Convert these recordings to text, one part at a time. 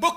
mbokk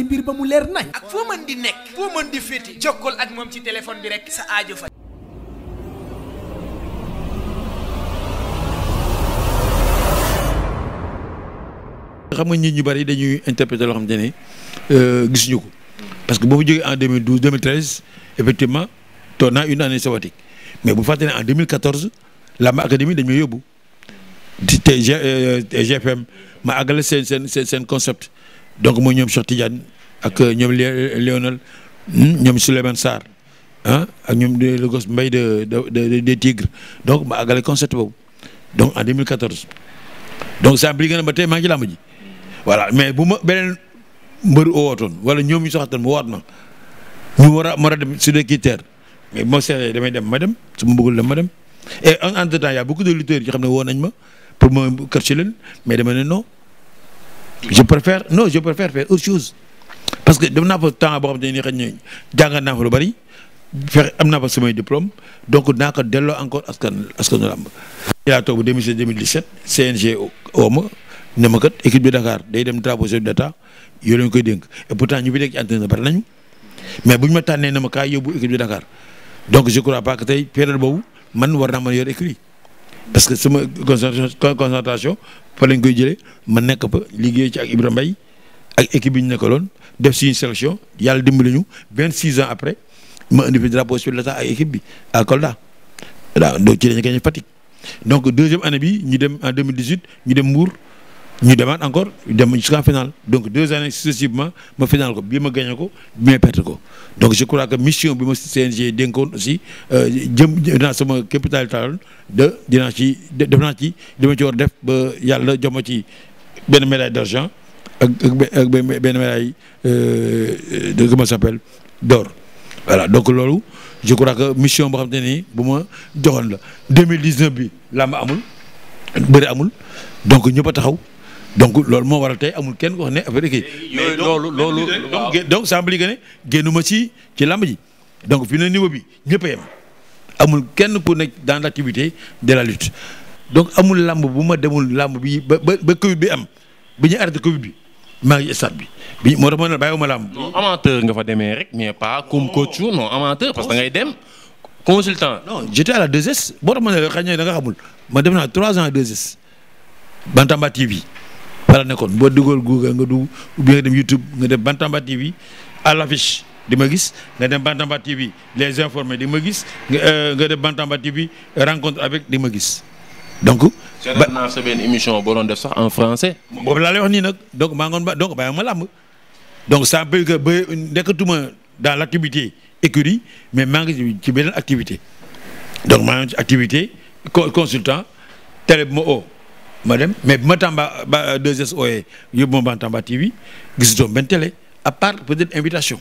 say mbir ba mu leer nañ ak moom ci téléphone bi rek sa aajo fa xam nga ñu bari dañuy interpréter loo xamante ne euh, gisuñu ko parce que boo jógee en 2012 2013 effectivement toog naa une année mais bu fàttali ne en 2014 Lamb Académie dañu may yóbbu ci GFM euh, ma àggale la seen seen seen concept donc mooy ñoom Cheikh Tidiane ak ñoom euh, euh, Léonel ñoom hmm, Souleymane Sarr ah ak ñoom le gosse Mbaye de de des Tigres donc ma àggale concert boobu donc en 2014 donc ça implique na ba tey maa ngi ci làmb ji voilà mais bu ma beneen mbër woowoon wala ñoom ñu soxatoon mu woot ma ñu war a war a dem su dee kii mais bu ma damay dem ma dem su ma bëggul dem ma dem entre temps y a beaucoup de lutteurs yi xam ne woo nañ ma pour ma kër ci leen mais dama ne non. je préfère non je préfère faire autre chose parce que dem naa fa temps boo xam ne ni xëy na naa fa lu bari fexe am naa fa samay diplôme donc naa ko delloo encore askan askanu làmb ci laa toog ba 2016 2017 CNG oo ma ne ma kat équipe bi Dakar day dem drapeau chef d'état yoo leen koy dénk et pourtant ñu fi nekk ci entraîneur bari nañu mais bu ñu ma tànnee ne ma kaay yóbbu équipe bi Dakar donc je crois pas que tey période boobu man war naa mën a yor parce que sama concentration fa lañ koy jëlee ma nekk fa liggéey ci ak Ibra mbay ak équipe bi ñu nekkaloon def si sélection yàlla dimbali ñu vingt six ans après ma indi fi drapeau sur ak équipe bi à Kolda waaw donc ci lañu gagné Fatick donc deuxième année bi ñu dem en 2018 ñu dem Mbour ñu demaan encore dem jusqu'en finale donc deux années successivement ma finale ko bii ma gagné ko bii ma perte ko donc je crois que mission bi ma CNG dénkoon aussi euh, jëm dinaa sama capital taal de dinaa ci def naa ci li ci war def ba yàlla jox ci benn médaille d'argent ak ak benn médaille euh, de comment ça s'appelle d'or voilà donc loolu je crois que mission boo xam te nii bu ma joxoon la 2019 bi làmb amul bëri amul donc ñëpp taxaw donc loolu moo waral tey amul kenn ko wax ne affaire kii loolu loolu donc donc semble que ne génnuma ci ci làmb ji donc fi ne niveau bi ñëpp amul kenn ku nekk dans activité de donc amul làmb bu ma demul làmb bi ba ba ba bi am bi ñu arrêté Covid bi maa ngi stade bi bi moo tax ma ne bàyyiwuma làmb. non amateur nga fa demee rek mais pas comme coach non amateur parce que ngay dem consultant. non j' étais à la 2S boo tax ma ne da nga xamul ma def naa trois ans à 2S Bantamba TV. fa la nekkoon boo duggoon Google nga dugg ou bien nga dem YouTube nga dem Bantamba TV à l'affiche di ma gis nga dem Bantamba TV les informés di ma gis nga euh, dem Bantamba TV rencontre avec di ma gis donc. ba naa sa benn émission boo doon def sax en français. boobu laa lay wax nii nag donc maa donc ça veut dans l' activité mais maa ngi ci beneen activité donc maa ngi ci activité consultant télé bu oh, ma dem mais bi ma Tamba ba 2STV yi e yóbbu ma ban Tamba TV gisutoo benn télé à part peut-être invitation.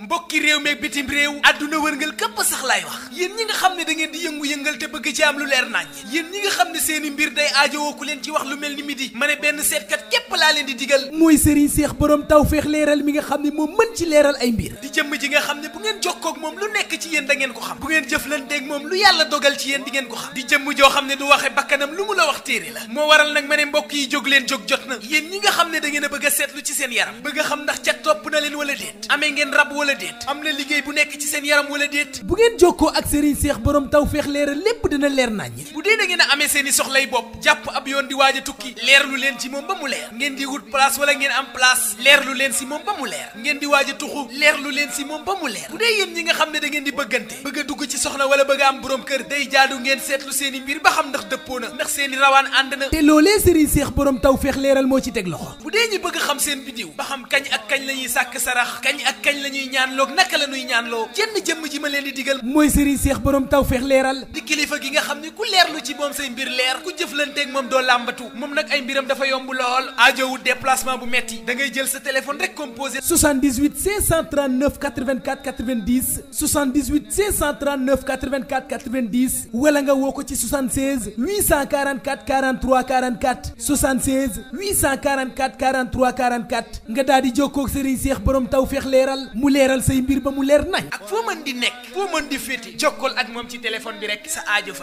mbokki réew meeg bitim réew àdduna wërngal képp sax laay wax yéen ñi nga xam ne da ngeen di yëngu-yëngal te bëgg ci am lu leer nañ yéen ñi nga xam ne seeni mbir day aajowoo ku leen ci wax lu mel ni midi ma ne benn seetkat képp laa leen di digal mooy Serigne Cheikh borom tawfeex leeral mi nga xam ne moom mën ci leeral ay mbir di jëmm ji nga xam ne bu ngeen jokkoo ak moom lu nekk ci yéen da ko xam bu ngeen jëflanteeg moom lu yàlla dogal ci yéen di ngeen ko xam di jëmm joo xam ne du waxe bakkanam lu mu la wax téere la moo waral nag ma ne mbokk yi jóg leen jóg jot na yéen ñi nga xam ne da ngeen a bëgg seetlu ci seen yaram bëgg a xam ndax ca topp na leen wala déet amee ngeen rab wala déet am na liggéey bu nekk ci seen yaram wala déet bu ngeen jokkoo ak Serigne Cheikh borom tawfeex leeral lépp dina leer nañ bu dee da ngeen amee seen i soxlay bopp jàpp ab yoon di a tukki leerlu leen ci moom ba mu leer ngeen di wut place wala ngeen am place leerlu leen si moom ba mu leer ngeen di waaj tuxu leerlu leen si moom ba mu leer bu dee yéen ñi nga xam ne da ngeen di bëggante bëgg soxna wala bëgg am borom kër day jaadu ngeen seetlu seen i mbir ba xam ndax dëppoo na ndax seen rawaan ànd na te loolee sëriñ seex borom taw feex leeral moo ci teg loxo bu dee ñi bëgg xam seen bidiw ba xam kañ ak kañ la ñuy sàkk sarax kañ ak kañ la ñuy look naka la ñuy loo jenn jëmm ji ma leen di digal mooy sëriñ seex borom taw feex leeral di kilifa gi nga xam ni ku leerlu ci moom say mbir leer ku jëflanteeg moom doo làmbatu moom nag ay mbiram dafa yomb lool aajowul déplacement bu metti da ngay jël sa téléphone rek composé 78 539 84 90 78 539 59 84 90 wala nga woo ko ci 76 844 43 44 76 844 43 44 nga daal di jokkoo ak Serigne Cheikh borom taw feex leeral mu leeral say mbir ba mu leer nañ. ak foo mën di nekk foo mën di féete jokkool ak moom ci téléphone bi rek sa aajo fa.